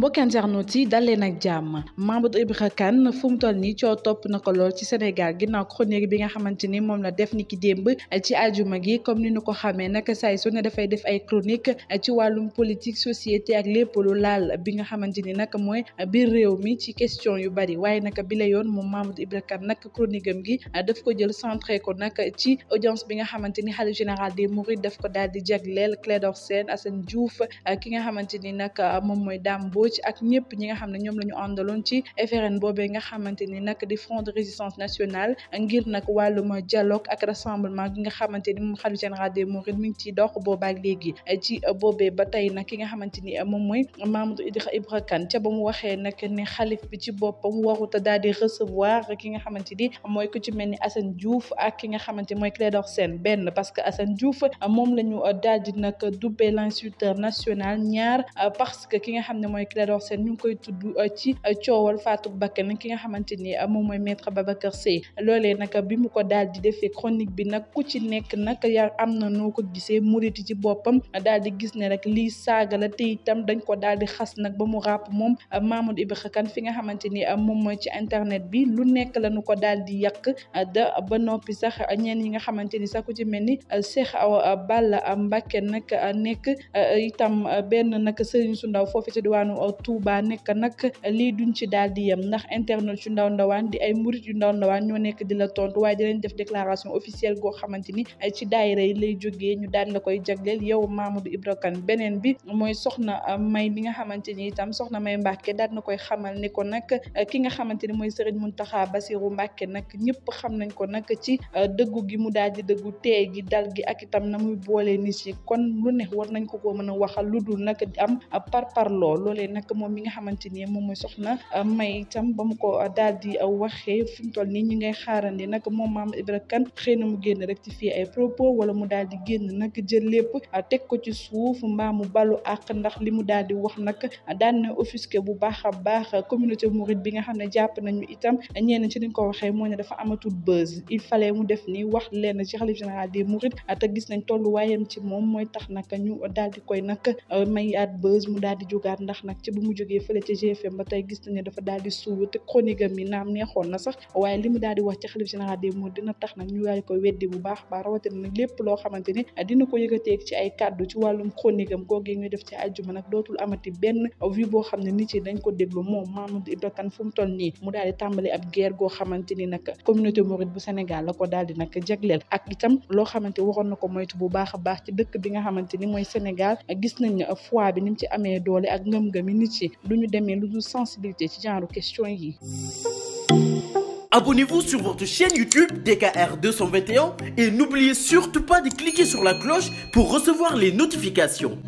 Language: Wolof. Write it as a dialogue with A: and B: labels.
A: mbokki internautes yi dal leen ak jàmm Mamadou Ibra Kane fu mu toll topp na lool ci Sénégal bi nga xamante ni moom la def ni gi comme ko xamee nag saa su ne dafay def ay chronique ci wàllum politique bi nga xamante ni nag mooy biir réew mi ci question yu bari waaye nag bi la yoon moom Mamadou Ibra Kane nag chronique gi daf ko jël centré ko nag ci audience bi nga xamante ni xalifa général des Mourides daf ko daal di jagleel Clédor Sène Assane Diouf ki nga xamante ni nag moom mooy Dame Mbodj Mbodj ak ñëpp ñi nga xam ne ñoom la ñu àndaloon ci FRN boobee nga xamante ni nag di front de résistance nationale ngir nag wàllum dialogue ak rassemblement nga xamante ni moom xalifa général des mourides mi ngi ciy ba tey nag ki nga xamante ni moom mooy Mamadou Idrissa Ibra Kane ca ba mu waxee nag ne a daal di recevoir ki nga xamante ni mooy ku ci mel ni Assane Diouf ak ki nga xamante ni mooy Clédor Sène benn parce que Assane Diouf moom la ñu daal di nag dubbee l'insulteur national ñaar parce que ki nga xam ne mooy Clédor Sène ñu ngi koy tudd euh, ci euh, coowal faatu bakkan ki nga xamante ni euh, moom mooy ba Babacar Sèye loolee nag bi mu ko daal di defee chronique bi nag ku ci nekk nag ya am na noo ko gisee muriti ci boppam daal di gis ne rek lii saaga la te itam dañ ko daal di xas nag ba mu ràpp moom Mamoud Ibra Kane fi nga xamante ni moom mooy ci internet bi lu nekk la ñu ko daal di yàq da ba noppi sax ñen yi nga xamante ni sax ku ci mel ni seex Cheikh Awa Balla Mbacké nag nekk itam benn nag sëriñ su ndaw foofu ci kaw Touba nekk nag lii duñ ci daal di yem ndax internet yu ndaw ndawaan di ay murit yu ndaw ndawaan ñoo nekk di la tontu waaye dinañ def déclaration officielle goo xamante ni ci daayira yi lay jógee ñu daal la koy jagleel yow Mamadou Ibra Kane beneen bi mooy soxna may bi nga xamante ni itam soxna may Mbàkke daal na koy xamal ni ko nag ki nga xamante ni mooy taxa Mountakha Bassirou Mbàkke nag ñëpp xam nañ ko nag ci euh, dëggu gi mu daal di dëggu tee gi dal gi ak itam na muy boole nit yi kon lu ne war nañ ko ko mën a waxal lu dul nag am euh, nag moom mi nga xamante ni moom mooy soxna may itam ba mu ko daal di waxee fi mu toll nii ñi ngay xaarandi nag moom maam Ibra kan xëy mu génn rectifier ay propos wala mu daal di génn nag jël lépp teg ko ci suuf mbaa mu balu àq ndax li mu daal di wax nag daan na offusqué bu baax a baax communauté mouride bi nga xam ne jàpp nañu itam ñenn ci ni ko waxee moo ne dafa amatul buzz il fallait mu def ni wax leen ci xalif général des mourides te gis nañ tolluwaayam ci moom mooy tax nag ñu daal di koy nag mayaat buzz mu daal di ndax nag te bu mu jógee fële ca GFM ba tey gis nañu dafa daal di suulu te chronique mi naam neexoon na sax waaye li mu daal di wax ci xalif général des mourides dina tax ko weddi bu baax ci ay kàddu ci wàllum chronique am googee ñuy def ci àjjuma nag dootul amati benn vue boo xam ne nit yi dañ ko déglu moom Mamadou mu toll nii ab guerre goo xamante ni nag communauté mouride bu Sénégal la ko daal di nag ak itam loo xamante waroon na ko moytu bu baax a baax ci dëkk bi nga xamante ni mooy Sénégal gis nañ ne foi bi ni mu ci ne nit yi du ñu demee lu dul sensibilité ci genre question yi.
B: Abonnez-vous sur votre chaîne YouTube DKR 221 et n'oubliez surtout pas de cliquer sur la cloche pour recevoir les notifications.